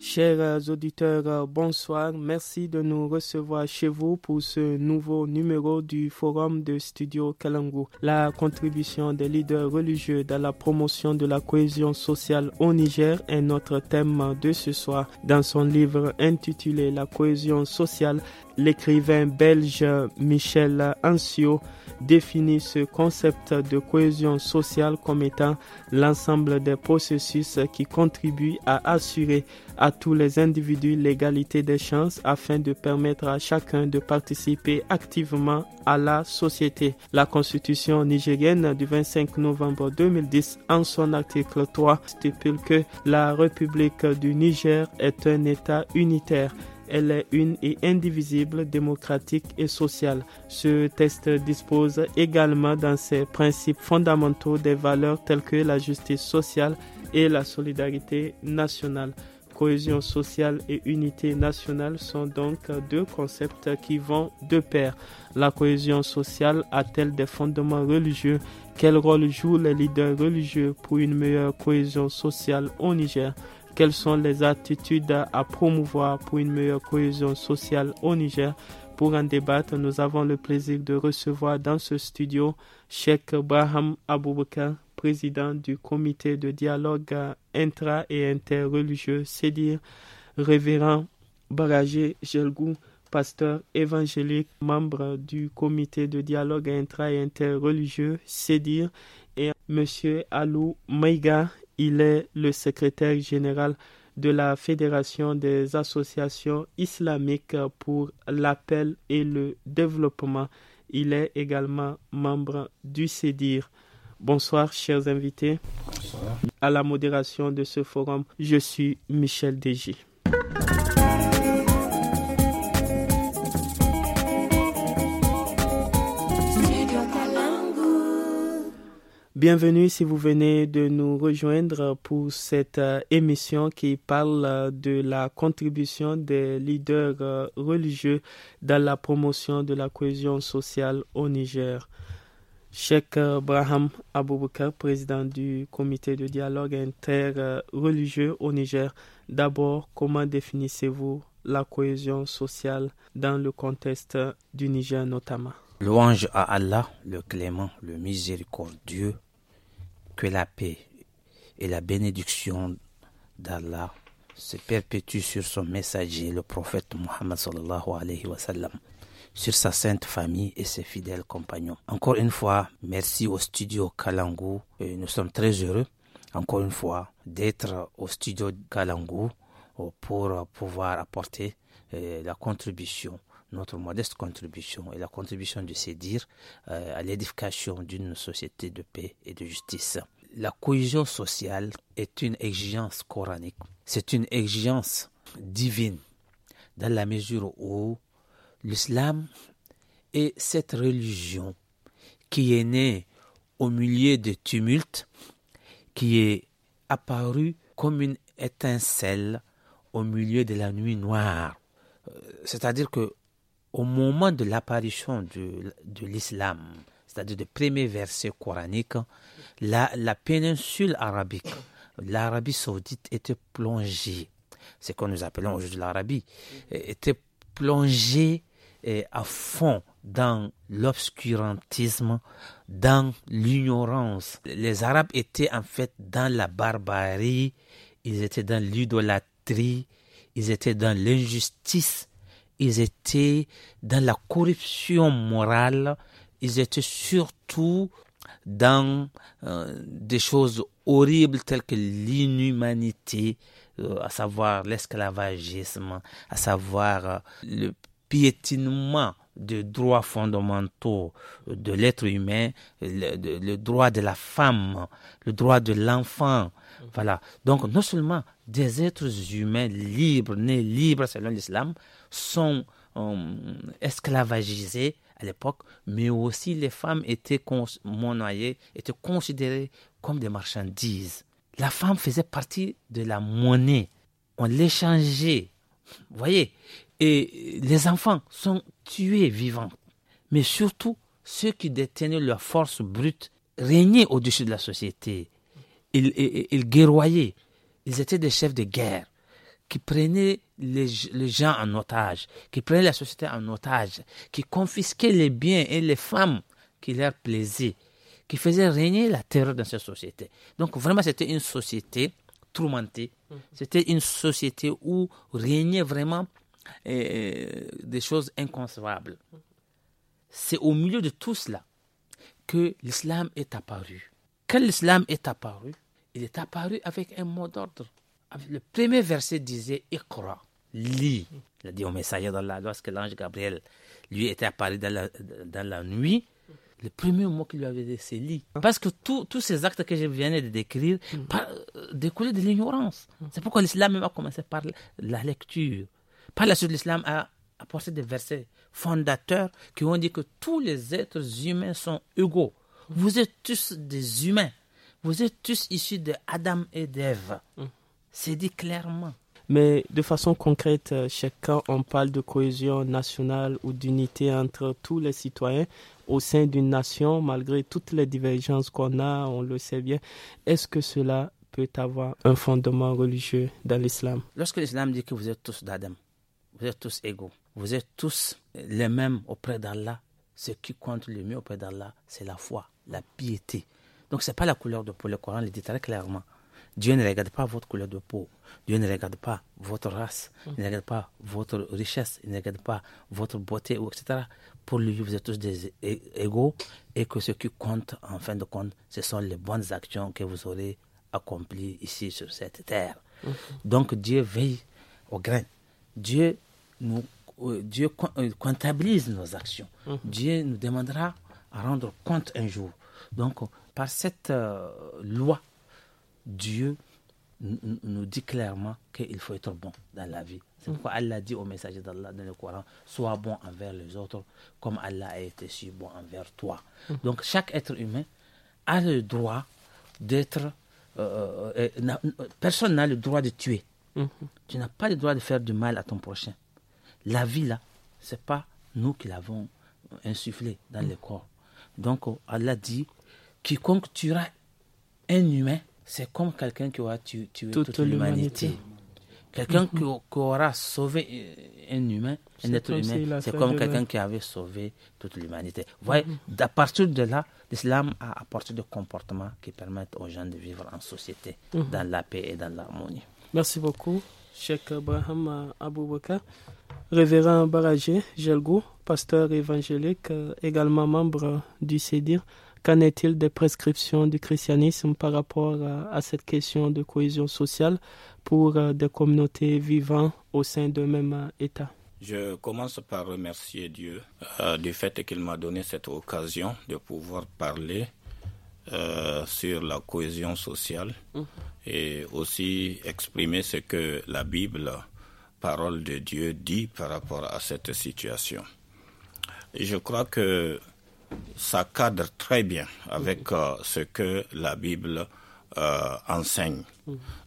Chers auditeurs, bonsoir. Merci de nous recevoir chez vous pour ce nouveau numéro du Forum de Studio Kalangu. La contribution des leaders religieux dans la promotion de la cohésion sociale au Niger est notre thème de ce soir. Dans son livre intitulé La cohésion sociale, l'écrivain belge Michel Ancio définit ce concept de cohésion sociale comme étant l'ensemble des processus qui contribuent à assurer à tous les individus l'égalité des chances afin de permettre à chacun de participer activement à la société. La Constitution nigérienne du 25 novembre 2010, en son article 3, stipule que la République du Niger est un État unitaire elle est une et indivisible, démocratique et sociale. Ce texte dispose également dans ses principes fondamentaux des valeurs telles que la justice sociale et la solidarité nationale. Cohésion sociale et unité nationale sont donc deux concepts qui vont de pair. La cohésion sociale a-t-elle des fondements religieux Quel rôle jouent les leaders religieux pour une meilleure cohésion sociale au Niger quelles sont les attitudes à promouvoir pour une meilleure cohésion sociale au Niger pour en débattre, nous avons le plaisir de recevoir dans ce studio Sheikh Braham Aboubakar, président du comité de dialogue euh, intra- et interreligieux CEDIR, révérend Baragé Gelgou, pasteur évangélique, membre du comité de dialogue intra- et interreligieux CEDIR, et M. Alou Maïga, il est le secrétaire général de la Fédération des associations islamiques pour l'appel et le développement. Il est également membre du CEDIR. Bonsoir, chers invités. Bonsoir. À la modération de ce forum, je suis Michel Dégis. Bienvenue si vous venez de nous rejoindre pour cette euh, émission qui parle euh, de la contribution des leaders euh, religieux dans la promotion de la cohésion sociale au Niger. Cheikh Braham Aboubakar, président du comité de dialogue interreligieux au Niger, d'abord, comment définissez-vous la cohésion sociale dans le contexte du Niger notamment Louange à Allah, le clément, le miséricordieux, que la paix et la bénédiction d'Allah se perpétuent sur son messager, le prophète Muhammad sallallahu alayhi wa sur sa sainte famille et ses fidèles compagnons. Encore une fois, merci au studio Kalangu. Euh, nous sommes très heureux, encore une fois, d'être au studio Kalangu euh, pour pouvoir apporter euh, la contribution notre modeste contribution et la contribution de ces dires euh, à l'édification d'une société de paix et de justice. La cohésion sociale est une exigence coranique, c'est une exigence divine, dans la mesure où l'islam est cette religion qui est née au milieu des tumultes, qui est apparue comme une étincelle au milieu de la nuit noire. Euh, c'est-à-dire que au moment de l'apparition de, l'islam, c'est-à-dire du premier verset coranique, la, la péninsule arabique, l'Arabie saoudite était plongée, ce que nous appelons aujourd'hui l'Arabie, était plongée à fond dans l'obscurantisme, dans l'ignorance. Les Arabes étaient en fait dans la barbarie, ils étaient dans l'idolâtrie, ils étaient dans l'injustice ils étaient dans la corruption morale, ils étaient surtout dans euh, des choses horribles telles que l'inhumanité, euh, à savoir l'esclavagisme, à savoir euh, le piétinement des droits fondamentaux de l'être humain, le, le, droit de la femme, le droit de l'enfant. Voilà. Donc, non seulement des êtres humains libres, nés libres selon l'islam, sont euh, à l'époque, mais aussi les femmes étaient monnayées, étaient considérées comme des marchandises. La femme faisait partie de la monnaie. On l'échangeait. Vous voyez Et les enfants sont tués vivants. Mais surtout, ceux qui détenaient leur force brute régnaient au-dessus de la société. ils guerroyaient. Ils étaient des chefs de guerre qui prenait les, gens en otage, qui prenait la société en otage, qui confisquait les biens et les femmes qui leur plaisaient, qui faisait régner la terreur dans cette société. Donc vraiment, c'était une société tourmentée. Mm-hmm. C'était une société où régnait vraiment euh, des choses inconcevables. C'est au milieu de tout cela que l'islam est apparu. Quand l'islam est apparu, il est apparu avec un mot d'ordre le premier verset disait écrois, lit ». Il a dit au messager la lorsque l'ange Gabriel lui était apparu dans la, dans la nuit, le premier mot qu'il lui avait dit, c'est lit. Parce que tous ces actes que je viens de décrire mm. euh, découlaient de l'ignorance. C'est pourquoi l'islam a commencé par la lecture. Par la suite, l'islam a apporté des versets fondateurs qui ont dit que tous les êtres humains sont égaux. Vous êtes tous des humains. Vous êtes tous issus de Adam et d'Ève. Mm. C'est dit clairement. Mais de façon concrète, euh, chacun, on parle de cohésion nationale ou d'unité entre tous les citoyens au sein d'une nation, malgré toutes les divergences qu'on a, on le sait bien. Est-ce que cela peut avoir un fondement religieux dans l'islam Lorsque l'islam dit que vous êtes tous d'Adam, vous êtes tous égaux, vous êtes tous les mêmes auprès d'Allah, ce qui compte le mieux auprès d'Allah, c'est la foi, la piété. Donc ce n'est pas la couleur de peau, le Coran le dit très clairement. Dieu ne regarde pas votre couleur de peau. Dieu ne regarde pas votre race. Il ne regarde pas votre richesse. Il ne regarde pas votre beauté, etc. Pour lui, vous êtes tous des égaux et que ce qui compte, en fin de compte, ce sont les bonnes actions que vous aurez accomplies ici sur cette terre. Mhm. Donc Dieu veille aux graines. Dieu nous euh, Dieu euh, comptabilise nos actions. Mhm. Dieu nous demandera à rendre compte un jour. Donc, par cette euh, loi Dieu nous dit clairement qu'il faut être bon dans la vie. C'est pourquoi mm. Allah dit au messager d'Allah dans le Coran, sois bon envers les autres comme Allah a été si bon envers toi. Mm. Donc chaque être humain a le droit d'être... Euh, euh, euh, personne n'a le droit de tuer. Mm-hmm. Tu n'as pas le droit de faire du mal à ton prochain. La vie, là, ce pas nous qui l'avons insufflé dans mm. le corps. Donc, Allah dit, quiconque tuera un humain, c'est comme quelqu'un qui aura tué, toute, l'humanité. Quelqu'un mm-hmm. qui, aura sauvé euh, un humain, un être humain, c'est comme quelqu'un qui avait sauvé toute l'humanité. Vous voyez, mm-hmm. à partir de là, l'islam a apporté des comportements qui permettent aux gens de vivre en société, mm-hmm. dans la paix et dans l'harmonie. Merci beaucoup, Cheikh Abraham Aboubaka. Révérend Barajé Jelgo, pasteur évangélique, euh, également membre du CEDIR. Qu'en est-il des prescriptions du christianisme par rapport euh, à, cette question de cohésion sociale pour euh, des communautés vivant au sein d'un même euh, État je commence par remercier Dieu du fait qu'il m'a donné cette occasion de pouvoir parler sur la cohésion sociale mmh. et aussi exprimer ce que la Bible, parole de Dieu, dit par rapport à cette situation. je crois que ça cadre très bien avec euh, ce que la Bible euh, enseigne.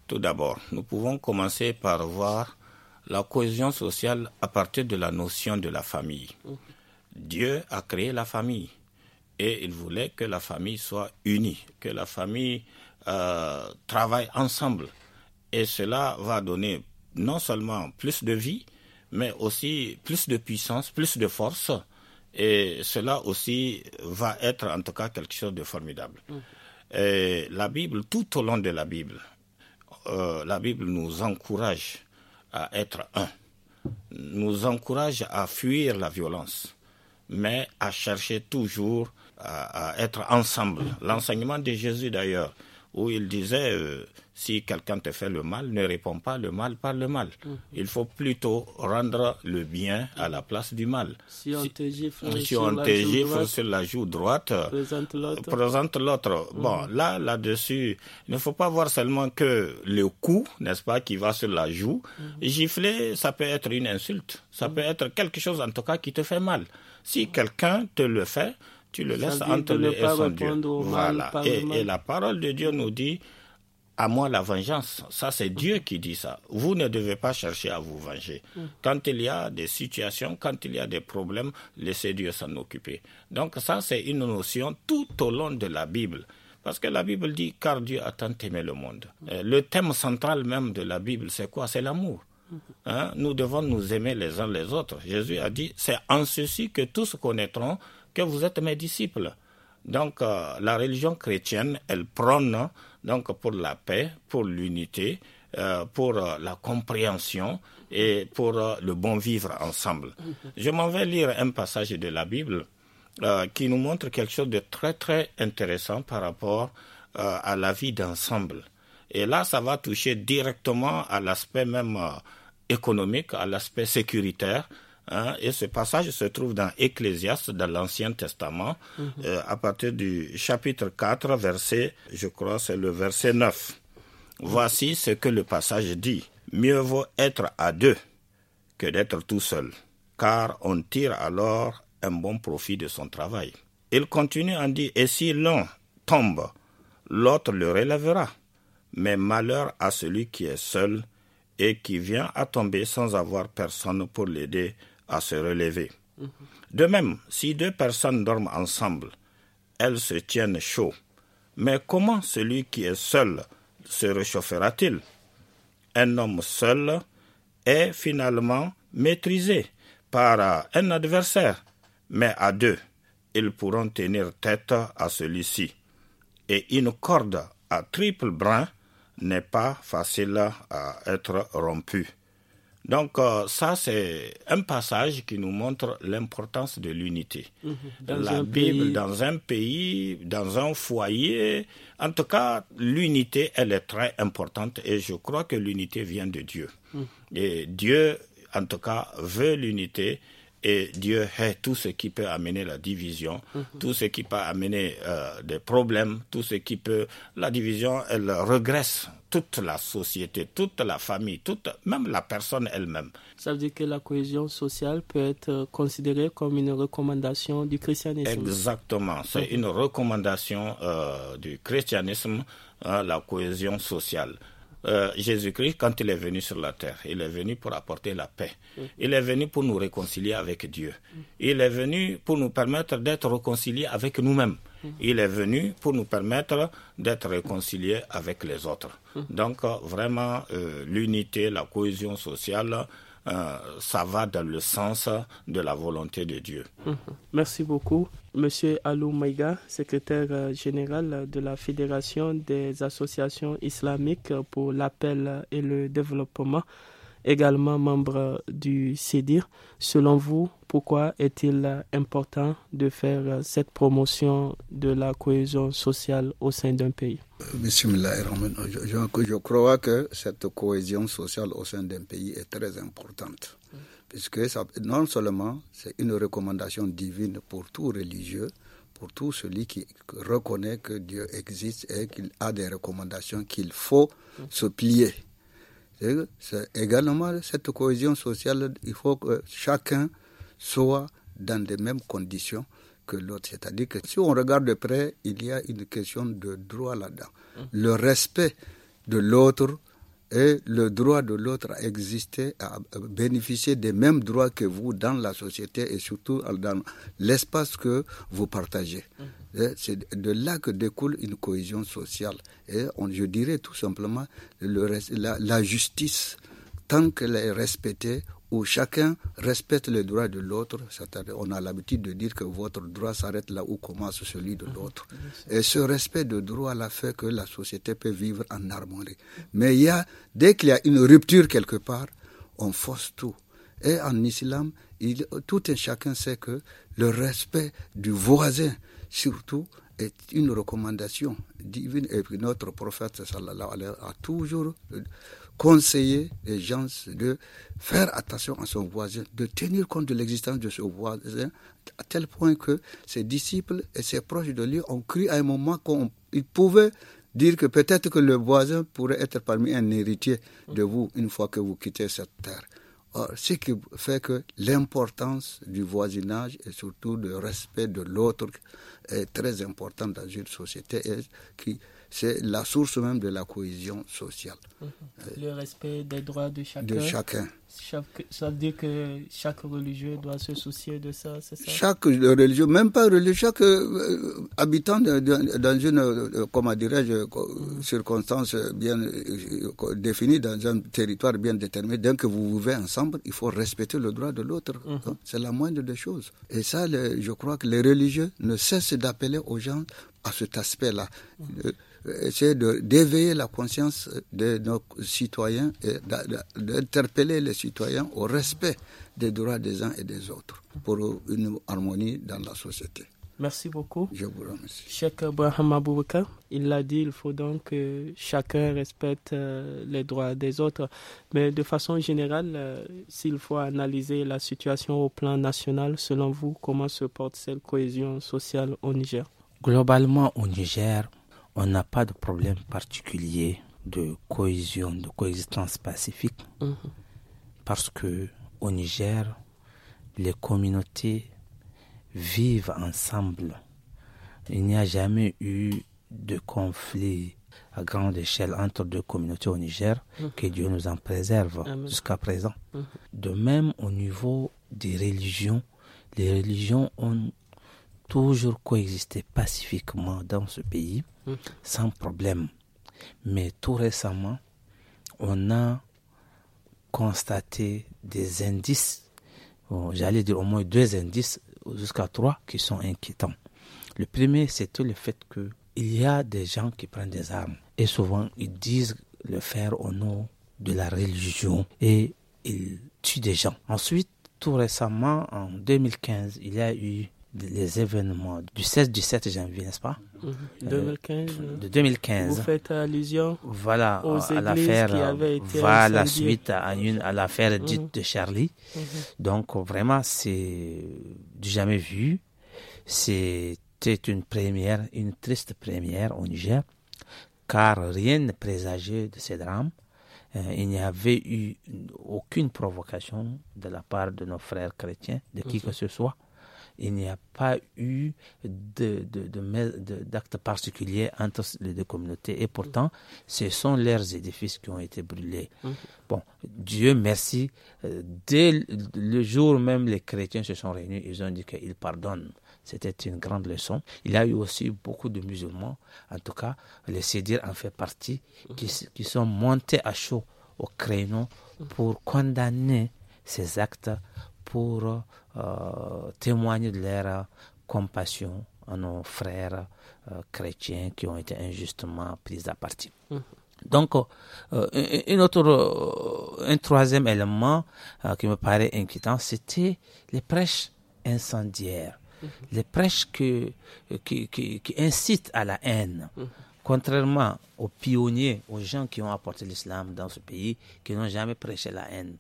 Tout d'abord, nous pouvons commencer par voir la cohésion sociale à partir de la notion de la famille. Dieu a créé la famille et il voulait que la famille soit unie, que la famille euh, travaille ensemble. Et cela va donner non seulement plus de vie, mais aussi plus de puissance, plus de force et cela aussi va être en tout cas quelque chose de formidable. Mm. Et la Bible, tout au long de la Bible, euh, la Bible nous encourage à être un, nous encourage à fuir la violence, mais à chercher toujours à, être ensemble. L'enseignement de Jésus d'ailleurs, où il disait... Euh, si quelqu'un te fait le mal, ne réponds pas le mal par le mal. Mhm. Il faut plutôt rendre le bien à la place du mal. Si, on te gifle, sur, la joue droite, présente l'autre. Mhm. Bon, là, là-dessus, il ne faut pas voir seulement que le coup, n'est-ce pas, qui va sur la joue. Mhm. Gifler, ça peut être une insulte. Ça peut être quelque chose, en tout cas, qui te fait mal. Si quelqu'un te le fait, tu le laisses entre et son Dieu. Voilà. et la parole de Dieu nous dit à moi la vengeance. Ça, c'est Dieu qui dit ça. Vous ne devez pas chercher à vous venger. Quand il y a des situations, quand il y a des problèmes, laissez Dieu s'en occuper. Donc ça, c'est une notion tout au long de la Bible. Parce que la Bible dit, car Dieu a tant aimé le monde. Euh, le thème central même de la Bible, c'est quoi C'est l'amour. Hein nous devons nous aimer les uns les autres. Jésus a dit, c'est en ceci que tous connaîtront que vous êtes mes disciples. Donc euh, la religion chrétienne, elle prône donc pour la paix, pour l'unité, euh, pour euh, la compréhension et pour euh, le bon vivre ensemble. Mhm. Je m'en vais lire un passage de la Bible qui nous montre quelque chose de très très intéressant par rapport à la vie d'ensemble. Et là, ça va toucher directement à l'aspect même économique, à l'aspect sécuritaire, Hein, et ce passage se trouve dans Ecclésiaste, dans l'Ancien Testament, mhm. euh, à partir du chapitre 4, verset, je crois, c'est le verset 9. Voici ce que le passage dit. Mieux vaut être à deux que d'être tout seul, car on tire alors un bon profit de son travail. Il continue en dit, et si l'un tombe, l'autre le relèvera. Mais malheur à celui qui est seul et qui vient à tomber sans avoir personne pour l'aider à se relever. De même, si deux personnes dorment ensemble, elles se tiennent chaud. Mais comment celui qui est seul se réchauffera-t-il Un homme seul est finalement maîtrisé par un adversaire, mais à deux, ils pourront tenir tête à celui-ci. Et une corde à triple brin n'est pas facile à être rompue. Donc euh, ça, c'est un passage qui nous montre l'importance de l'unité. Mhm. la Bible dans un pays, dans un foyer, en tout cas, l'unité, elle est très importante et je crois que l'unité vient de Dieu. Mhm. Et Dieu, en tout cas, veut l'unité et Dieu hait tout ce qui peut amener la division, mhm. tout ce qui peut amener euh, des problèmes, tout ce qui peut... La division, elle regresse toute la société, toute la famille, toute, même la personne elle-même. Ça veut dire que la cohésion sociale peut être considérée comme une recommandation du christianisme. Exactement, c'est mhm. une recommandation euh, du christianisme, hein, la cohésion sociale. Euh, Jésus-Christ, quand il est venu sur la terre, il est venu pour apporter la paix. Mm. Il est venu pour nous réconcilier avec Dieu. Mm. Il est venu pour nous permettre d'être réconciliés avec nous-mêmes. Mm. Il est venu pour nous permettre d'être réconciliés avec les autres. Donc, euh, vraiment, euh, l'unité, la cohésion sociale, euh, ça va dans le sens de la volonté de Dieu. Mhm. Merci beaucoup. Monsieur Alou Maïga, secrétaire euh, général de la Fédération des associations islamiques pour l'appel et le développement également membre du CEDIR. Selon vous, pourquoi est-il important de faire euh, cette promotion de la cohésion sociale au sein d'un pays Monsieur je crois que cette cohésion sociale au sein d'un pays est très importante, puisque ça, non seulement c'est une recommandation divine pour tout religieux, pour tout celui qui reconnaît que Dieu existe et qu'il a des recommandations qu'il faut se plier. C'est également cette cohésion sociale, il faut que chacun soit dans les mêmes conditions que l'autre. C'est-à-dire que si on regarde de près, il y a une question de droit là-dedans. Mmh. Le respect de l'autre et le droit de l'autre à exister, à bénéficier des mêmes droits que vous dans la société et surtout dans l'espace que vous partagez. Mmh. C'est de là que découle une cohésion sociale. Et on, je dirais tout simplement le la, justice tant qu'elle est respectée, où chacun respecte les droits de l'autre, on a l'habitude de dire que votre droit s'arrête là où commence celui de mhm. l'autre. Et ce respect de droit-là fait que la société peut vivre en harmonie. Mais il y a, dès qu'il y a une rupture quelque part, on force tout. Et en islam, il, tout et chacun sait que le respect du voisin, surtout, est une recommandation divine. Et puis notre prophète sallallahu alayhi wa sallam, a toujours conseiller les gens de faire attention à son voisin, de tenir compte de l'existence de ce voisin, à tel point que ses disciples et ses proches de lui ont cru à un moment qu'ils pouvaient dire que peut-être que le voisin pourrait être parmi un héritier de vous une fois que vous quittez cette terre. Or, ce qui fait que l'importance du voisinage et surtout le respect de l'autre est très importante dans une société qui c'est la source même de la cohésion sociale. Mhm. Le respect des droits de chacun. De chacun. ça veut dire que chaque religieux doit se soucier de ça, c'est ça Chaque religieux, même pas religieux, chaque euh, euh, habitant dans une, euh, comment dirais-je, circonstance bien définie, dans un territoire bien déterminé, dès que vous vivez ensemble, il faut respecter le droit de l'autre. Mhm. C'est la moindre des choses. Et ça, je crois que les religieux ne cessent d'appeler aux gens à cet aspect-là. Mhm essayer d'éveiller la conscience de nos citoyens et d'interpeller les citoyens au respect des droits des uns et des autres pour une harmonie dans la société. Merci beaucoup. Je vous remercie. Cheikh Abraham il l'a dit, il faut donc que chacun respecte euh, les droits des autres. Mais de façon générale, euh, s'il faut analyser la situation au plan national, selon vous, comment se porte cette cohésion sociale au Niger Globalement, au Niger, on n'a pas de problème particulier de cohésion, de coexistence pacifique, mhm. parce que au Niger, les communautés vivent ensemble. Il n'y a jamais eu de conflit à grande échelle entre deux communautés au Niger, mhm. que Dieu nous en préserve jusqu'à présent. Mhm. De même, au niveau des religions, les religions ont toujours coexister pacifiquement dans ce pays, hum. sans problème. Mais tout récemment, on a constaté des indices, j'allais dire au moins deux indices, jusqu'à trois, qui sont inquiétants. Le premier, c'était le fait que il y a des gens qui prennent des armes et souvent ils disent le faire au nom de la religion et ils tuent des gens. Ensuite, tout récemment, en 2015, il y a eu les événements du 16-17 janvier, n'est-ce pas 2015. Mhm. Euh, de 2015. Hein. Vous faites allusion voilà, à l'affaire, suite à, une, à l'affaire mhm. dite de Charlie. Mhm. Donc, vraiment, c'est du jamais vu. C'était une première, une triste première au Niger, car rien ne présageait de ces drames. Euh, il n'y avait eu aucune provocation de la part de nos frères chrétiens, de qui que ce soit il n'y a pas eu d'actes de, particulier entre les deux communautés. Et pourtant, ce sont leurs édifices qui ont été brûlés. Mmh. Bon, Dieu merci, euh, dès le jour même, les chrétiens se sont réunis, ils ont dit qu'ils pardonnent. C'était une grande leçon. Il y a eu aussi beaucoup de musulmans, en tout cas, les Sédir en fait partie, qui, qui sont montés à chaud au créneau mmh. pour condamner ces actes pour euh, témoigner de leur euh, compassion à nos frères euh, chrétiens qui ont été injustement pris à partie. Mm-hmm. Donc, une autre, un troisième élément qui me paraît inquiétant, c'était les prêches incendiaires, mm-hmm. les prêches que, qui, qui, incitent à la haine. Mm-hmm. contrairement aux pionniers, aux gens qui ont apporté l'islam dans ce pays, qui n'ont jamais prêché la haine,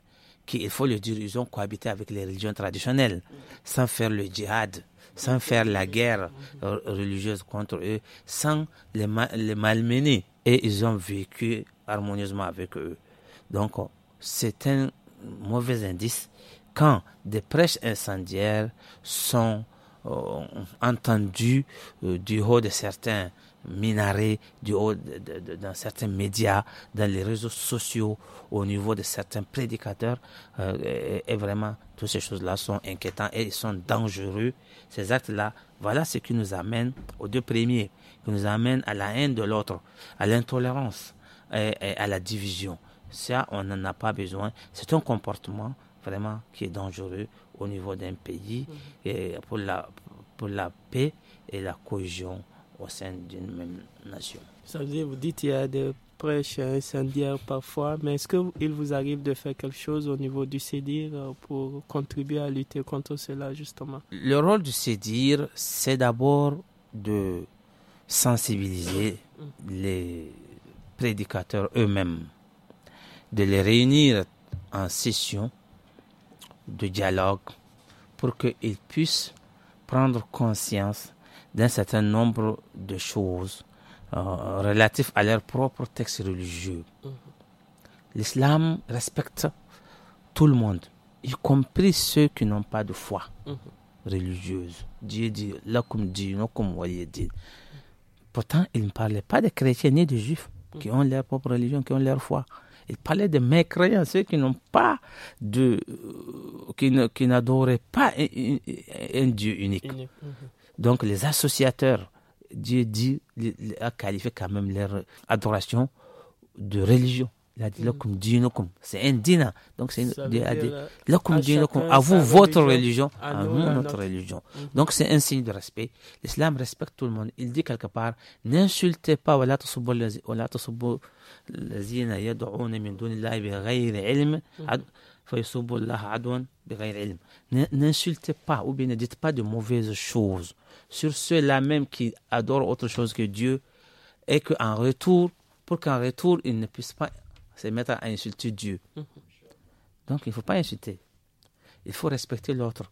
qu'il faut le dire, ils ont cohabité avec les religions traditionnelles, sans faire le djihad, sans faire la guerre euh, religieuse contre eux, sans les, malmener. Et ils ont vécu harmonieusement avec eux. Donc, euh, c'est un mauvais indice quand des prêches incendiaires sont euh, entendues du haut de certains minaret du haut dans certains médias, dans les réseaux sociaux, au niveau de certains prédicateurs. Euh, et, vraiment, toutes ces choses-là sont inquiétantes et sont dangereux. Ces actes-là, voilà ce qui nous amène aux deux premiers, qui nous amène à la haine de l'autre, à l'intolérance et, à la division. Ça, on n'en a pas besoin. C'est un comportement vraiment qui est dangereux au niveau d'un pays mmh. et pour la, pour la paix et la cohésion au sein d'une même nation. Ça vous dites qu'il y a des prêches incendiaires parfois, mais est-ce qu'il vous arrive de faire quelque chose au niveau du CEDIR euh, pour contribuer à lutter contre cela, justement Le rôle du CEDIR, c'est d'abord de sensibiliser les prédicateurs eux-mêmes, de les réunir en session de dialogue pour qu'ils puissent prendre conscience d'un certain nombre de choses relatifs euh, relatives à leur propre texte religieux. Mm-hmm. L'islam respecte tout le monde, y compris ceux qui n'ont pas de foi mm-hmm. religieuse. Dieu dit, là comme dit, non comme dit. Pourtant, il ne parlait pas des chrétiens ni des juifs qui mm-hmm. ont leur propre religion, qui ont leur foi. Il parlait des mécréants, ceux qui n'ont pas de. Euh, qui n'adoraient pas un, Dieu unique. Donc les associateurs, Dieu dit, a qualifié quand même leur adoration de religion. Il a dit mm. C'est un dina. Donc c'est a euh, vous votre religion, à nous notre religion. Mm. Donc c'est un signe de respect. L'islam respecte tout le monde. Il dit quelque part n'insultez pas N'insultez pas ou bien ne dites pas de mauvaises choses sur ceux-là même qui adorent autre chose que Dieu, et qu'en retour, pour qu'en retour, ils ne puissent pas se mettre à insulter Dieu. Donc il ne faut pas insulter. Il faut respecter l'autre.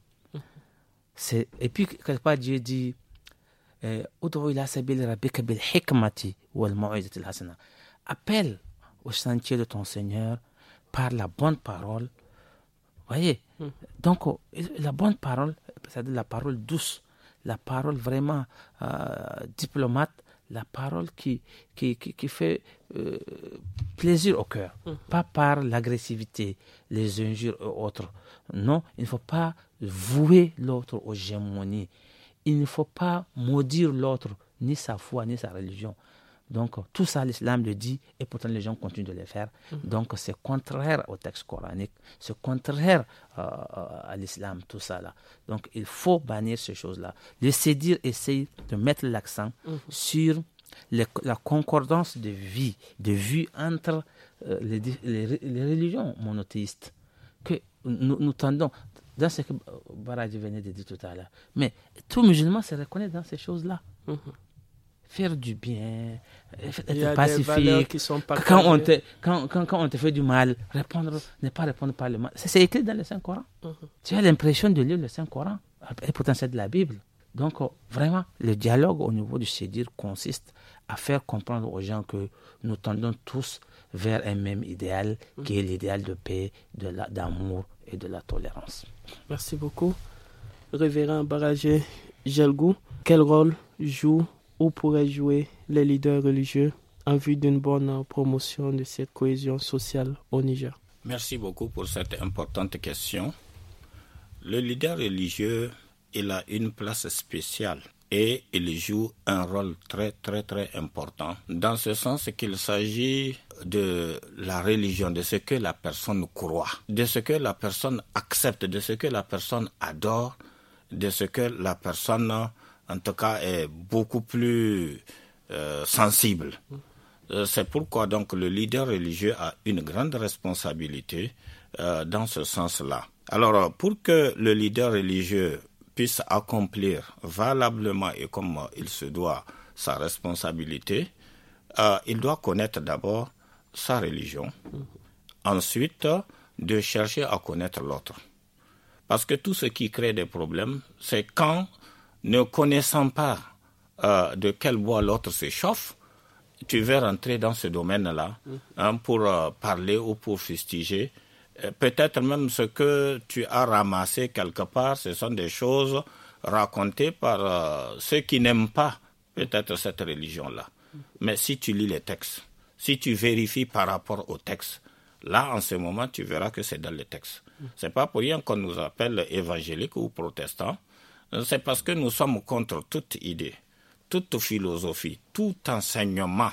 Et puis, quelque part, Dieu dit, euh, Appelle au sentier de ton Seigneur par la bonne parole. Voyez, hmm. donc euh, la bonne parole, c'est-à-dire la parole douce, la parole vraiment euh, diplomate, la parole qui, qui, qui, fait euh, plaisir au cœur, mhm. pas par l'agressivité, les injures et autres. Non, il ne faut pas vouer l'autre aux gémonies. Il ne faut pas maudire l'autre, ni sa foi, ni sa religion. Donc tout ça, l'islam le dit et pourtant les gens continuent de le faire. Mhm. Donc c'est contraire au texte coranique, c'est contraire euh, euh, à l'islam, tout ça là. Donc il faut bannir ces choses-là. Le dire, essaye de mettre l'accent mhm. sur la concordance de vie, de vue entre euh, les, religions monothéistes que nous, tendons dans ce que Baradji venait de dire tout à l'heure. Mais tout musulman se reconnaît dans ces choses-là. Mhm faire du bien, euh, être pacifique. quand, on te, quand, quand, quand, on te fait du mal, répondre, ne pas répondre par le mal. C'est écrit dans le Saint-Coran. Mhm. Tu as l'impression de lire le Saint-Coran, et pourtant c'est de la Bible. Donc, oh, vraiment, le dialogue au niveau du sédir consiste à faire comprendre aux gens que nous tendons tous vers un même idéal, mhm. qui est l'idéal de paix, d'amour et de la tolérance. Merci beaucoup. Révérend Baragé Gelgou, quel rôle joue où pourraient jouer les leaders religieux en vue d'une bonne promotion de cette cohésion sociale au Niger Merci beaucoup pour cette importante question. Le leader religieux, il a une place spéciale et il joue un rôle très très très important dans ce sens qu'il s'agit de la religion, de ce que la personne croit, de ce que la personne accepte, de ce que la personne adore, de ce que la personne en tout cas, est beaucoup plus euh, sensible. Euh, c'est pourquoi donc le leader religieux a une grande responsabilité euh, dans ce sens-là. Alors, pour que le leader religieux puisse accomplir valablement et comme il se doit sa responsabilité, il doit connaître d'abord sa religion, ensuite de chercher à connaître l'autre. Parce que tout ce qui crée des problèmes, c'est quand ne connaissant pas euh, de quel bois l'autre se chauffe, tu veux rentrer dans ce domaine-là mm-hmm. hein, pour euh, parler ou pour fustiger. Euh, peut-être même ce que tu as ramassé quelque part, ce sont des choses racontées par ceux qui n'aiment pas peut-être cette religion-là. Mm-hmm. Mais si tu lis les textes, si tu vérifies par rapport aux textes, là en ce moment tu verras que c'est dans les textes. n'est mm-hmm. pas pour rien qu'on nous appelle évangéliques ou protestants c'est parce que nous sommes contre toute idée, toute philosophie, tout enseignement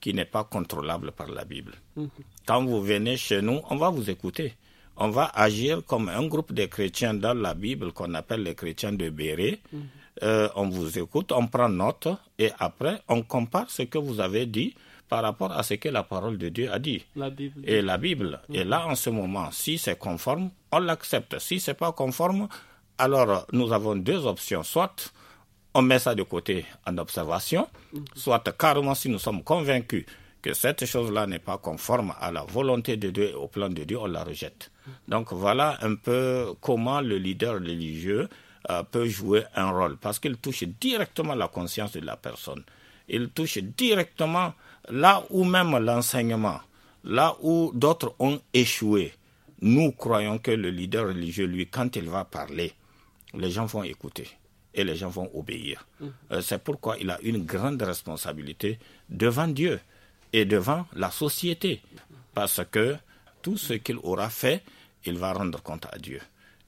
qui n'est pas contrôlable par la Bible. Mhm. Quand vous venez chez nous, on va vous écouter. On va agir comme un groupe de chrétiens dans la Bible qu'on appelle les chrétiens de Béret. Mhm. Euh, on vous écoute, on prend note et après on compare ce que vous avez dit par rapport à ce que la parole de Dieu a dit. La Bible. Et la Bible. est Et mhm. là, en ce moment, si c'est conforme, on l'accepte. Si n'est pas conforme, alors, nous avons deux options. Soit on met ça de côté en observation, soit carrément si nous sommes convaincus que cette chose-là n'est pas conforme à la volonté de Dieu et au plan de Dieu, on la rejette. Donc voilà un peu comment le leader religieux euh, peut jouer un rôle, parce qu'il touche directement la conscience de la personne. Il touche directement là où même l'enseignement, là où d'autres ont échoué. Nous croyons que le leader religieux, lui, quand il va parler, les gens vont écouter et les gens vont obéir. Mm. Euh, c'est pourquoi il a une grande responsabilité devant Dieu et devant la société, parce que tout ce qu'il aura fait, il va rendre compte à Dieu.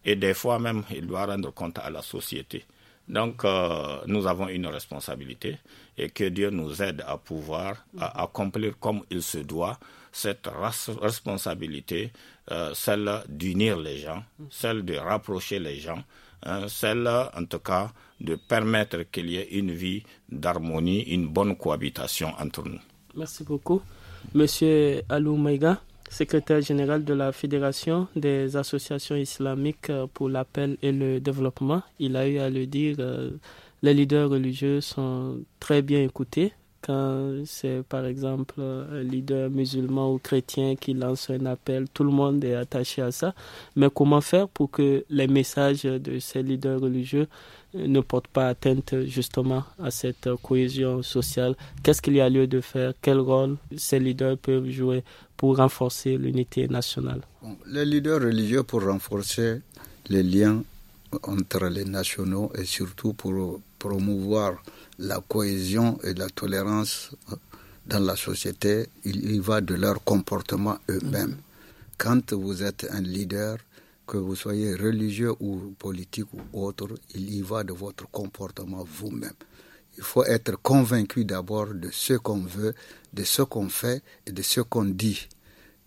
Et des fois même, il doit rendre compte à la société. Donc, euh, nous avons une responsabilité et que Dieu nous aide à pouvoir accomplir comme il se doit cette responsabilité, euh, celle d'unir les gens, mm. celle de rapprocher les gens, euh, celle, en tout cas, de permettre qu'il y ait une vie d'harmonie, une bonne cohabitation entre nous. Merci beaucoup. Monsieur Alou Maïga, secrétaire général de la Fédération des associations islamiques euh, pour l'appel et le développement, il a eu à le dire, euh, les leaders religieux sont très bien écoutés quand c'est par exemple un leader musulman ou chrétien qui lance un appel, tout le monde est attaché à ça. Mais comment faire pour que les messages de ces leaders religieux euh, ne portent pas atteinte justement à cette cohésion sociale Qu'est-ce qu'il y a lieu de faire Quel rôle ces leaders peuvent jouer pour renforcer l'unité nationale Les leaders religieux pour renforcer les liens entre les nationaux et surtout pour promouvoir la cohésion et la tolérance euh, dans la société, il y va de leur comportement eux-mêmes. Mm-hmm. Quand vous êtes un leader, que vous soyez religieux ou politique ou autre, il y va de votre comportement vous-même. Il faut être convaincu d'abord de ce qu'on veut, de ce qu'on fait et de ce qu'on dit.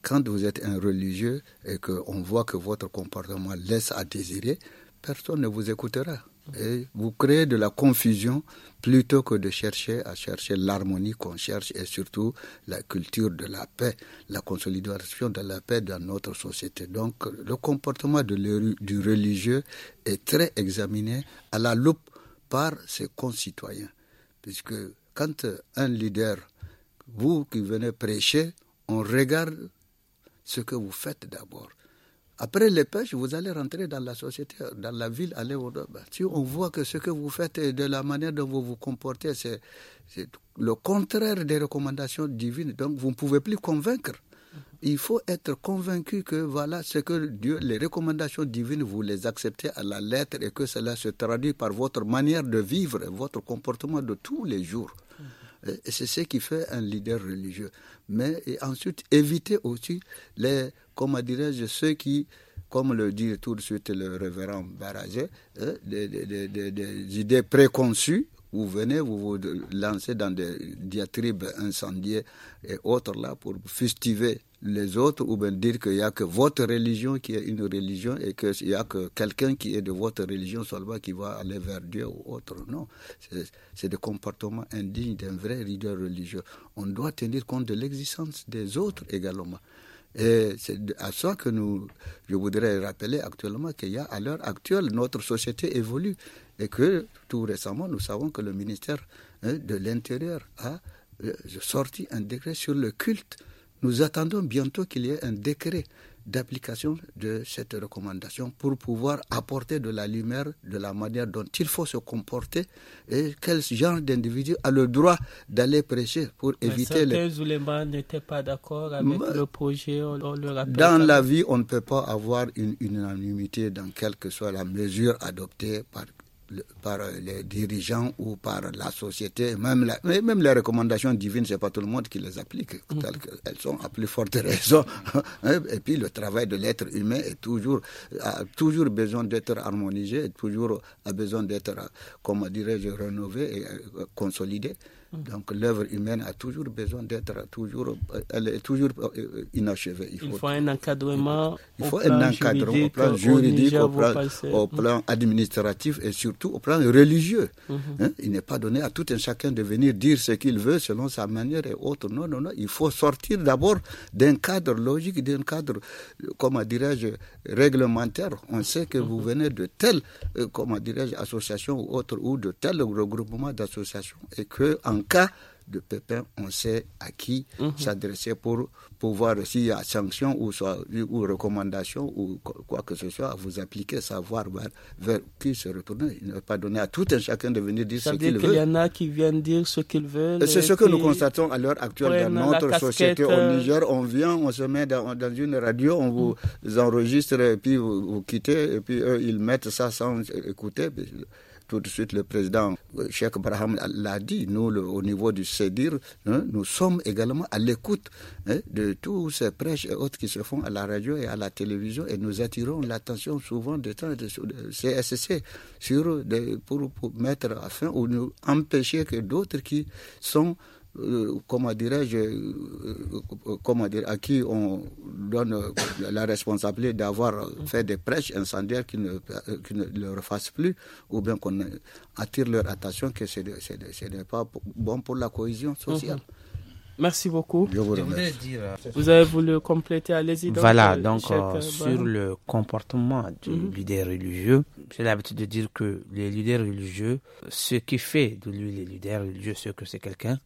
Quand vous êtes un religieux et qu'on voit que votre comportement laisse à désirer, personne ne vous écoutera vous créez de la confusion plutôt que de chercher à chercher l'harmonie qu'on cherche et surtout la culture de la paix, la consolidation de la paix dans notre société. Donc le comportement de du religieux est très examiné à la loupe par ses concitoyens. Puisque quand un leader, vous qui venez prêcher, on regarde ce que vous faites d'abord. Après les pêches, vous allez rentrer dans la société, dans la ville, aller au bah, Si on voit que ce que vous faites et de la manière dont vous vous comportez, c'est le contraire des recommandations divines, donc vous ne pouvez plus convaincre. Il faut être convaincu que voilà ce que Dieu, les recommandations divines, vous les acceptez à la lettre et que cela se traduit par votre manière de vivre, votre comportement de tous les jours. Et c'est ce qui fait un leader religieux. Mais ensuite, éviter aussi les comment dirais-je, ceux qui, comme le dit tout de suite le révérend Barazé, euh, des, idées préconçues. Vous venez, vous vous lancez dans des diatribes incendiées et autres là pour fustiver les autres ou bien dire qu'il n'y a que votre religion qui est une religion et qu'il n'y a que quelqu'un qui est de votre religion seulement qui va aller vers Dieu ou autre. Non, c'est des comportements indignes d'un vrai leader religieux. On doit tenir compte de l'existence des autres également. Et c'est à ça que nous, je voudrais rappeler actuellement qu'il y a à l'heure actuelle, notre société évolue et que tout récemment, nous savons que le ministère hein, de l'Intérieur a euh, sorti un décret sur le culte. Nous attendons bientôt qu'il y ait un décret d'application de cette recommandation pour pouvoir apporter de la lumière de la manière dont il faut se comporter et quel genre d'individu a le droit d'aller prêcher pour éviter les. n'étaient pas d'accord avec le projet, Dans la vie, on ne peut pas avoir une unanimité dans quelle que soit la mesure adoptée par par les dirigeants ou par la société, même, même les recommandations divines, c'est pas tout le monde qui les applique, mm. Elles qu'elles sont à plus forte raison. Et puis le travail de l'être humain a toujours besoin d'être harmonisé, toujours a besoin d'être, comment dirais-je, rénové et euh, consolidé. Mm. Donc l'œuvre humaine a toujours besoin d'être toujours, euh, elle est toujours euh, inachevée. Il faut, un encadrement. Il faut un encadrement au plan juridique, au plan, mm. administratif et surtout au plan religieux. Mm-hmm. Hein, il n'est pas donné à tout un chacun de venir dire ce qu'il veut selon sa manière et autre. Non, non, non. Il faut sortir d'abord d'un cadre logique, d'un cadre, euh, comment dirais-je, réglementaire. On sait que vous mm-hmm. venez de telle, comment dirais-je, association ou autre, ou de tel regroupement d'associations et que en cas de pépin, on sait à qui mhm. s'adresser pour pouvoir, s'il y a sanction ou, soit, ou recommandation ou quoi que ce soit, vous appliquer, savoir bah, vers, qui se retourner. Il n'est pas donner à tout un chacun de venir dire Ça ce qu'il veut. Il y en a qui viennent dire ce qu'ils veulent. C'est ce que nous constatons à l'heure actuelle dans notre société au euh, Niger. On vient, on se met dans, une radio, on vous mm. enregistre et puis vous, vous, quittez et puis eux, ils mettent ça sans écouter tout de suite, le président euh, Cheikh Braham l'a dit, nous, au niveau du CEDIR, hein, nous sommes également à l'écoute hein, de tous ces prêches et autres qui se font à la radio et à la télévision et nous attirons l'attention souvent de temps de CSC sur pour, pour mettre à fin ou nous empêcher que d'autres qui sont euh, comment dirais-je, euh, euh, à qui on donne la responsabilité d'avoir fait des prêches incendiaires qui ne, le refassent plus, ou bien qu'on attire leur attention que ce n'est pas bon pour la cohésion sociale. Mhm. Merci beaucoup. Je vous, euh, vous avez voulu compléter, allez-y. Voilà, euh, donc euh, sur le comportement du mhm. leader religieux, j'ai l'habitude de dire que les leaders religieux, ce qui fait de lui le leader religieux, c'est que c'est quelqu'un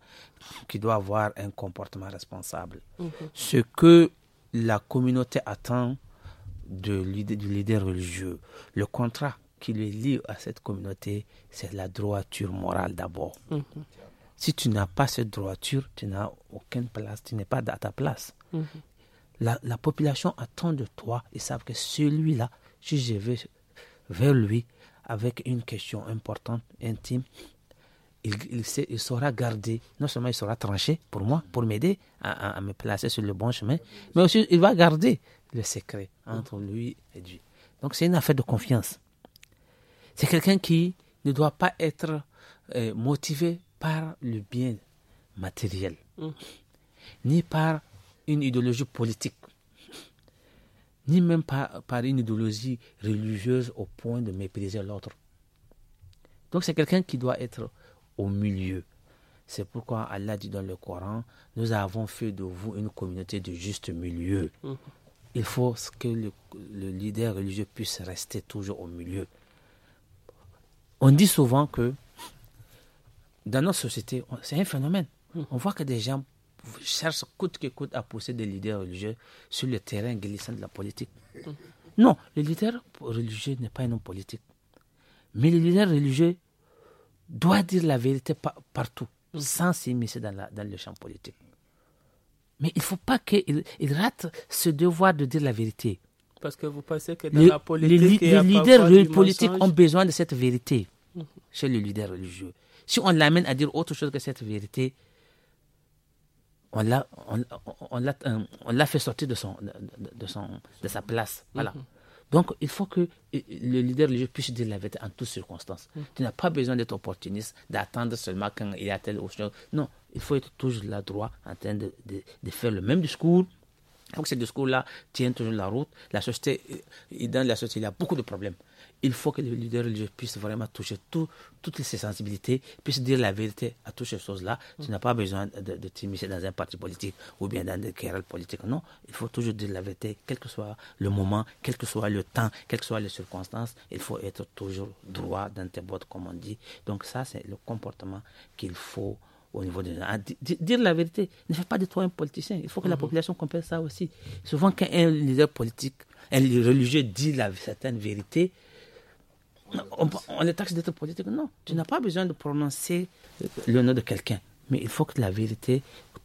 qui doit avoir un comportement responsable. Mhm. Ce que la communauté attend de du leader religieux, le contrat qui le lie à cette communauté, c'est la droiture morale d'abord. Mhm. Si tu n'as pas cette droiture, tu n'as aucune place, tu n'es pas à ta place. Mhm. la, population attend de toi Ils savent que celui-là, si je vais vers lui avec une question importante, intime, il, saura garder, non seulement il saura trancher pour moi, pour m'aider à, me placer sur le bon chemin, mais aussi il va garder le secret entre lui et Dieu. Donc c'est une affaire de confiance. C'est quelqu'un qui ne doit pas être euh, motivé par le bien matériel, mm. ni par une idéologie politique, ni même par, par une idéologie religieuse au point de mépriser l'autre. Donc c'est quelqu'un qui doit être au milieu. C'est pourquoi Allah dit dans le Coran, nous avons fait de vous une communauté de juste milieu. Mm. Il faut que le, leader religieux puisse rester toujours au milieu. On dit souvent que dans notre société, c'est un phénomène. Hmm. On voit que des gens cherchent coûte que coûte à pousser des leaders religieux sur le terrain glissant de la politique. Hmm. Non, le leader religieux n'est pas un homme politique. Mais le leader religieux doit dire la vérité partout, hmm. sans s'immiscer dans, dans le champ politique. Mais il ne faut pas qu'il rate ce devoir de dire la vérité. Parce que vous pensez que dans la politique... Les, les leaders politiques ont besoin de cette vérité chez le leader religieux. Si on l'amène à dire autre chose que cette vérité, on l'a on, on, euh, fait sortir de, son, de, son, de sa place. Mm-hmm. Voilà. Donc, il faut que euh, le leader religieux puisse dire la vérité en toutes circonstances. Mm-hmm. Tu n'as pas besoin d'être opportuniste, d'attendre seulement quand il y a telle autre chose. Non, il faut être toujours là droit en train de, de faire le même discours. Il faut que ce discours-là tienne toujours la route. La société, euh, dans la société, il y a beaucoup de problèmes il faut que le leader religieux puisse vraiment toucher tout, toutes ces sensibilités, puisse dire la vérité à toutes ces choses-là. Tu n'as pas besoin de, de t'immiscer dans un parti politique ou bien dans des querelles politiques. Non, il faut toujours dire la vérité, quel que soit le moment, quel que soit le temps, quelles que soient les circonstances. Il faut être toujours droit dans tes bottes, comme on dit. Donc ça, c'est le comportement qu'il faut au niveau de ah, Dire la vérité, ne fais pas de toi un politicien. Il faut que la mm-hmm. population comprenne ça aussi. Souvent, quand un leader politique, un religieux dit la, certaine vérité, on, est taxé d'être politique. Non, tu n'as pas besoin de prononcer euh, le nom de quelqu'un. Mais il faut que la vérité,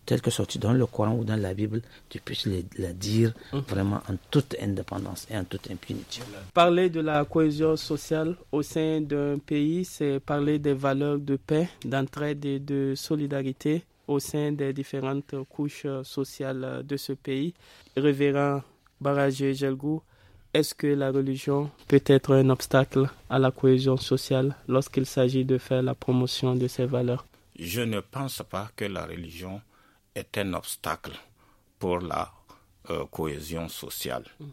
telle que sortie dans le Coran ou dans la Bible, tu puisses la dire vraiment en toute indépendance et en toute impunité. Parler de la cohésion sociale au sein d'un pays, c'est parler des valeurs de paix, d'entraide et de solidarité au sein des différentes couches euh, sociales euh, de ce pays. Révérend Barajé Gelgou, est-ce que la religion peut être un obstacle à la cohésion sociale lorsqu'il s'agit de faire la promotion de ses valeurs Je ne pense pas que la religion est un obstacle pour la euh, cohésion sociale. Mm.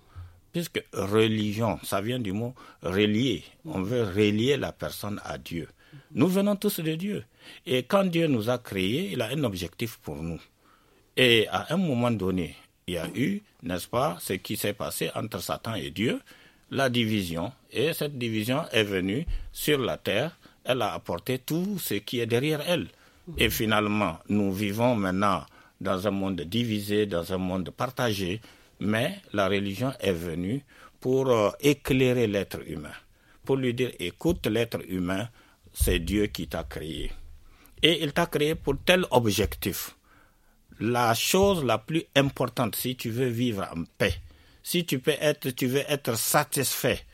Puisque religion, ça vient du mot relier. On veut relier la personne à Dieu. Mm-hmm. Nous venons tous de Dieu. Et quand Dieu nous a créés, il a un objectif pour nous. Et à un moment donné, il y a eu, n'est-ce pas, ce qui s'est passé entre Satan et Dieu, la division. Et cette division est venue sur la terre, elle a apporté tout ce qui est derrière elle. Et finalement, nous vivons maintenant dans un monde divisé, dans un monde partagé, mais la religion est venue pour euh, éclairer l'être humain, pour lui dire, écoute, l'être humain, c'est Dieu qui t'a créé. Et il t'a créé pour tel objectif la chose la plus importante si tu veux vivre en paix, si tu peux être, veux être satisfait,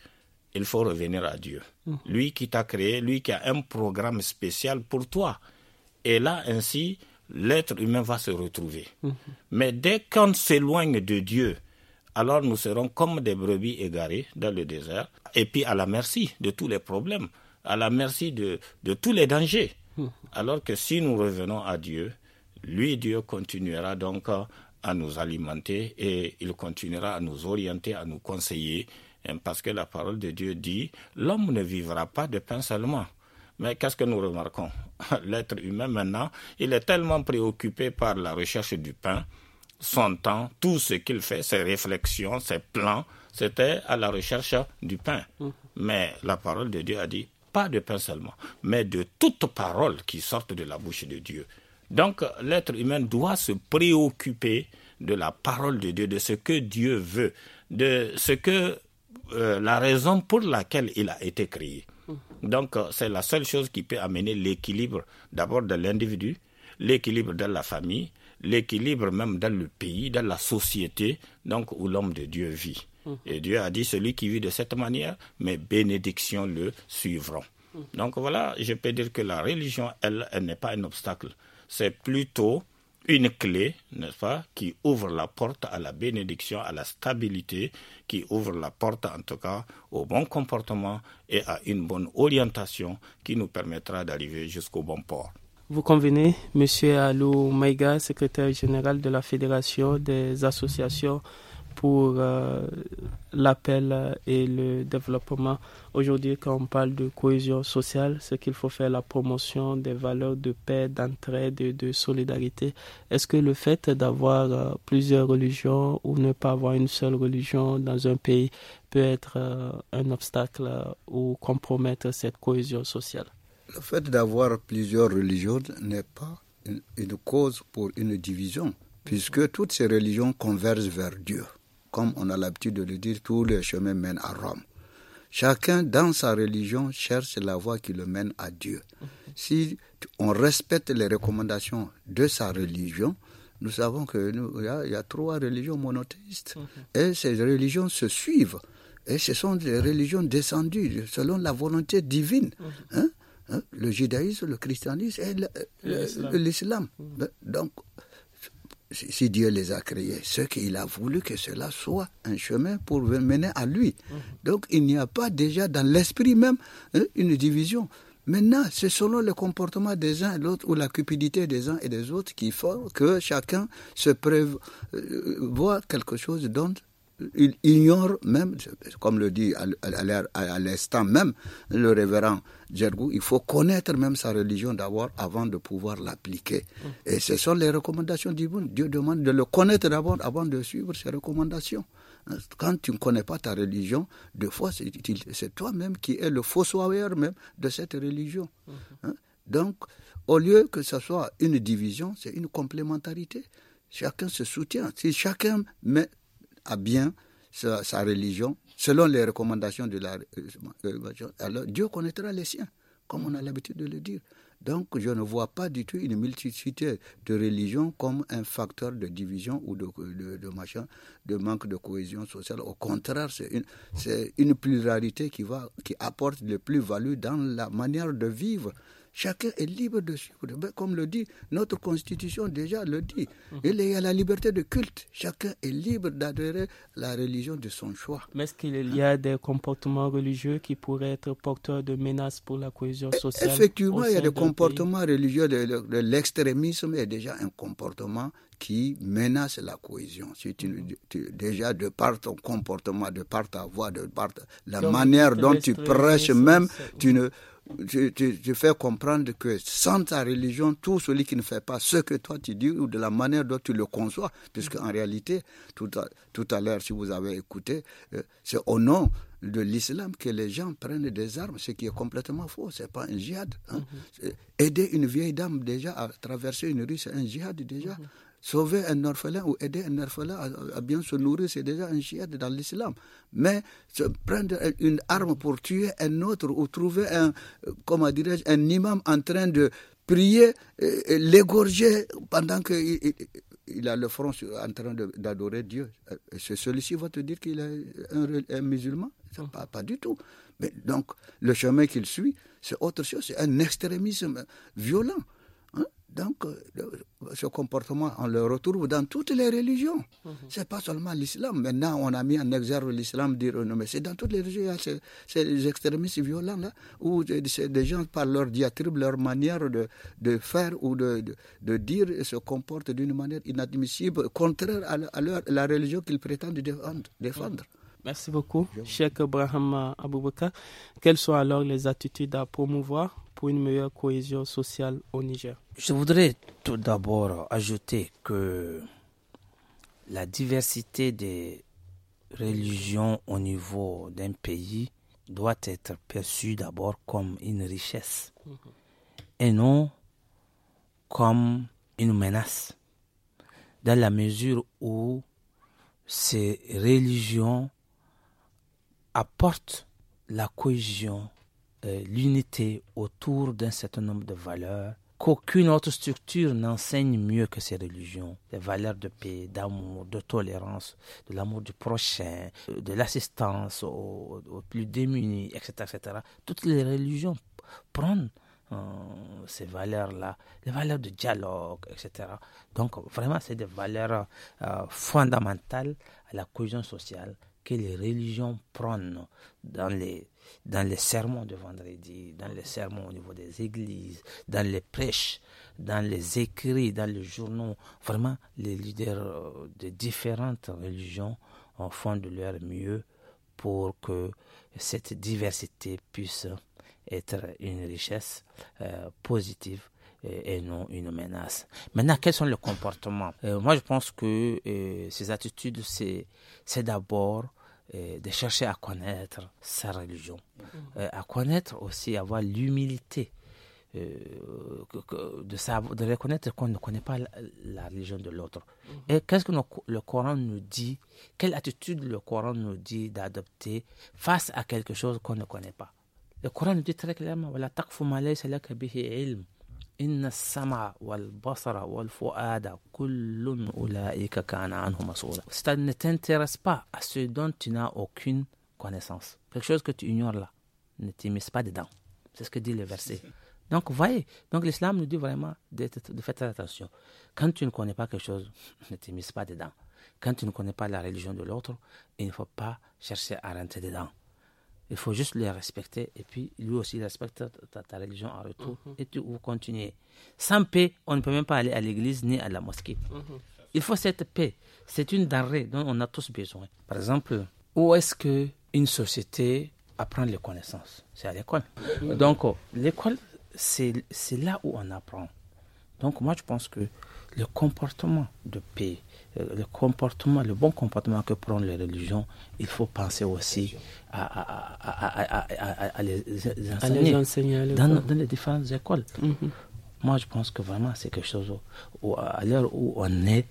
il faut revenir à Dieu. Hmm. Lui qui t'a créé, lui qui a un programme spécial pour toi. Et là, ainsi, l'être humain va se retrouver. Hmm. Mais dès qu'on s'éloigne de Dieu, alors nous serons comme des brebis égarées dans le désert, et puis à la merci de tous les problèmes, à la merci de, tous les dangers. Hmm. Alors que si nous revenons à Dieu, lui, Dieu, continuera donc à nous alimenter et il continuera à nous orienter, à nous conseiller, hein, parce que la parole de Dieu dit, l'homme ne vivra pas de pain seulement. Mais qu'est-ce que nous remarquons L'être humain maintenant, il est tellement préoccupé par la recherche du pain, son temps, tout ce qu'il fait, ses réflexions, ses plans, c'était à la recherche du pain. Mmh. Mais la parole de Dieu a dit, pas de pain seulement, mais de toute parole qui sortent de la bouche de Dieu. Donc l'être humain doit se préoccuper de la parole de Dieu, de ce que Dieu veut, de ce que euh, la raison pour laquelle il a été créé. Donc c'est la seule chose qui peut amener l'équilibre d'abord de l'individu, l'équilibre de la famille, l'équilibre même dans le pays, dans la société, donc où l'homme de Dieu vit. Et Dieu a dit celui qui vit de cette manière, mes bénédictions le suivront. Mm. Donc voilà, je peux dire que la religion, elle n'est pas un obstacle c'est plutôt une clé, n'est-ce pas, qui ouvre la porte à la bénédiction, à la stabilité, qui ouvre la porte en tout cas au bon comportement et à une bonne orientation qui nous permettra d'arriver jusqu'au bon port. Vous convenez, Monsieur Alou Maïga, secrétaire général de la Fédération des associations pour euh, l'appel et le développement. Aujourd'hui, quand on parle de cohésion sociale, c'est qu'il faut faire la promotion des valeurs de paix, d'entraide de solidarité. Est-ce que le fait d'avoir euh, plusieurs religions ou ne pas avoir une seule religion dans un pays peut être euh, un obstacle ou compromettre cette cohésion sociale Le fait d'avoir plusieurs religions n'est pas une, une cause pour une division, puisque toutes ces religions convergent vers Dieu. Comme on a l'habitude de le dire, tous les chemins mènent à Rome. Chacun, dans sa religion, cherche la voie qui le mène à Dieu. Si on respecte les recommandations de sa religion, nous savons qu'il y, y, a trois religions monothéistes. Mhm. Et ces religions se suivent. Et ce sont des religions descendues selon la volonté divine. Mhm. Hein, hein, le judaïsme, le christianisme et euh, l'islam. Mhm. Donc, si Dieu les a créés, ce qu'il a voulu que cela soit un chemin pour mener à lui. Mhm. Donc il n'y a pas déjà dans l'esprit même hein, une division. Maintenant, c'est selon le comportement des uns et l'autre ou la cupidité des uns et des autres qui font que chacun se voit quelque chose dont il ignore même, comme le dit à l'instant même le révérend Djergou, il faut connaître même sa religion d'abord avant de pouvoir l'appliquer. Et ce sont les recommandations divines. Dieu demande de le connaître d'abord avant de suivre ses recommandations. Quand tu ne connais pas ta religion, de fois, c'est toi-même qui es le fossoyeur même de cette religion. Mhm. Hein? Donc, au lieu que ce soit une division, c'est une complémentarité. Chacun se soutient. Si chacun met à bien sa, religion selon les recommandations de la euh, alors Dieu connaîtra les siens, comme on a l'habitude de le dire. Donc je ne vois pas du tout une multiplicité de religions comme un facteur de division ou de, de, machin, de manque de cohésion sociale. Au contraire, c'est une, c'est une pluralité qui, va, qui apporte le plus-value dans la manière de vivre. Chacun est libre de suivre. Comme le dit notre Constitution, déjà le dit. Mhm. Il y a la liberté de culte. Chacun est libre d'adhérer à la religion de son choix. Mais est-ce qu'il y a des comportements religieux qui pourraient être porteurs de menaces pour la cohésion e-, sociale Effectivement, il y a des comportements religieux religieux. L'extrémisme est déjà un comportement qui menace la cohésion. Mhm. déjà de par ton comportement, de par ta voix, de par la manière dont tu prêches même, tu ne tu fais comprendre que sans ta religion, tout celui qui ne fait pas ce que toi tu dis ou de la manière dont tu le conçois, puisque en réalité, tout à, l'heure, si vous avez écouté, euh, c'est au nom de l'islam que les gens prennent des armes, ce qui est complètement faux. ce n'est pas un djihad. Hein. Mm-hmm. Aider une vieille dame déjà à traverser une rue, c'est un djihad déjà. Mm-hmm. Sauver un orphelin ou aider un orphelin à, bien se nourrir, c'est déjà un chiad dans l'islam. Mais se prendre une arme pour tuer un autre ou trouver un, comment dirais-je, un imam en train de prier, l'égorger pendant qu'il il a le front en train d'adorer Dieu. Euh, celui-ci va te dire qu'il est un, musulman pas, pas, du tout. Mais donc, le chemin qu'il suit, c'est autre chose, c'est un extrémisme violent. Donc, euh, ce comportement, on le retrouve dans toutes les religions. Mhm. Ce n'est pas seulement l'islam. Maintenant, on a mis en exergue l'islam, dire euh, non, mais c'est dans toutes les religions. Ces, ces extrémistes violents là, où des gens par leur diatribe, leur manière de, faire ou de, de, et dire, se comportent d'une manière inadmissible, contraire à, la religion qu'ils prétendent défendre. Mhm. Merci beaucoup, Cheikh Abraham Aboubaka. Quelles sont alors les attitudes à promouvoir une meilleure cohésion sociale au Niger Je voudrais tout d'abord ajouter que la diversité des religions au niveau d'un pays doit être perçue d'abord comme une richesse mhm. et non comme une menace, dans la mesure où ces religions apportent la cohésion euh, l'unité autour d'un certain nombre de valeurs qu'aucune autre structure n'enseigne mieux que ces religions. Les valeurs de paix, d'amour, de tolérance, de l'amour du prochain, euh, de l'assistance aux, plus démunis, etc., etc. Toutes les religions prennent euh, ces valeurs-là, les valeurs de dialogue, etc. Donc vraiment, c'est des valeurs fondamentales à la cohésion sociale que les religions prennent dans les, dans les sermons de vendredi, dans les sermons au niveau des églises, dans les prêches, dans les écrits, dans les journaux. Vraiment, les leaders euh, de différentes religions font de leur mieux pour que cette diversité puisse être une richesse euh, positive et, non une menace. Maintenant, quels sont les comportements euh, Moi, je pense que euh, ces attitudes, c'est d'abord euh, de chercher à connaître sa religion, à connaître aussi, avoir l'humilité de, savoir, de reconnaître qu'on ne connaît pas la, religion de l'autre. Mhm. Et qu'est-ce que le Coran nous dit Quelle attitude le Coran nous dit d'adopter face à quelque chose qu'on ne connaît pas Le Coran nous dit très clairement إن ne t'intéresse pas à ce dont tu n'as aucune connaissance. Quelque chose que tu ignores là, ne t'y pas dedans. C'est ce que dit le verset. Donc, voyez, donc l'islam nous dit vraiment de, faire attention. Quand tu ne connais pas quelque chose, ne t'immisce pas dedans. Quand tu ne connais pas la religion de l'autre, il ne faut pas chercher à rentrer dedans. Il faut juste les respecter et puis lui aussi respecter respecte ta, religion en retour mhm. et tu, vous continuez. Sans paix, on ne peut même pas aller à l'église ni à la mosquée. Mhm. Il faut cette paix. C'est une denrée dont on a tous besoin. Par exemple, où est-ce que une société apprend les connaissances C'est à l'école. Mhm. Donc l'école, c'est là où on apprend. Donc moi je pense que le comportement de paix, euh, le comportement, le bon comportement que prennent les religions, il faut penser aussi à, les enseigner, dans, les différentes écoles. Mm-hmm. Moi, je pense que vraiment, c'est quelque chose où, à l'heure où on est,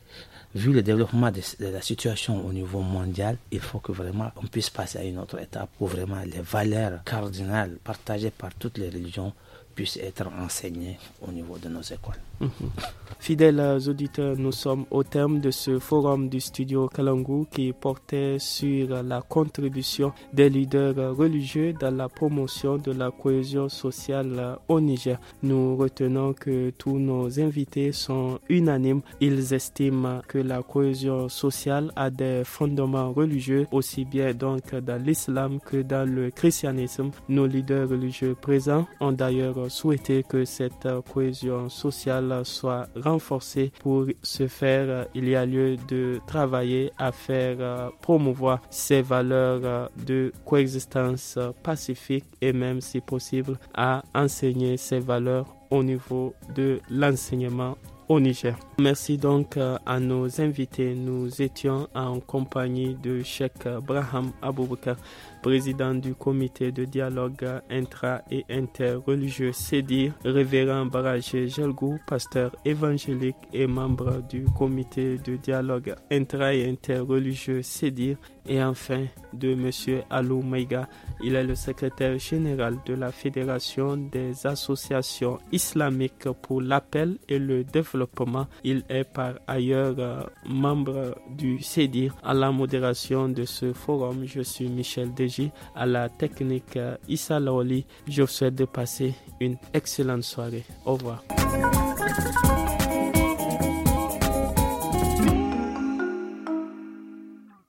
vu le développement de, la situation au niveau mondial, il faut que vraiment on puisse passer à une autre étape où vraiment les valeurs cardinales partagées par toutes les religions puissent être enseignées au niveau de nos écoles. Mhm. Fidèles auditeurs, nous sommes au terme de ce forum du studio Kalangu qui portait sur la contribution des leaders religieux dans la promotion de la cohésion sociale au Niger. Nous retenons que tous nos invités sont unanimes. Ils estiment que la cohésion sociale a des fondements religieux, aussi bien donc dans l'islam que dans le christianisme. Nos leaders religieux présents ont d'ailleurs souhaité que cette cohésion sociale soit renforcée. Pour ce faire, euh, il y a lieu de travailler à faire euh, promouvoir ces valeurs euh, de coexistence pacifique et même si possible à enseigner ces valeurs au niveau de l'enseignement au Niger. Merci donc à nos invités. Nous étions en compagnie de Cheikh Braham Aboubakar président du comité de dialogue intra- et interreligieux CEDIR, révérend Barajé Jelgou, pasteur évangélique et membre du comité de dialogue intra- et interreligieux CEDIR, et enfin de M. Alou Maïga. Il est le secrétaire général de la Fédération des associations islamiques pour l'appel et le développement. Il est par ailleurs euh, membre du CEDIR. À la modération de ce forum, je suis Michel Desjardins à la technique euh, Issa Laoli. Je vous souhaite de passer une excellente soirée. Au revoir.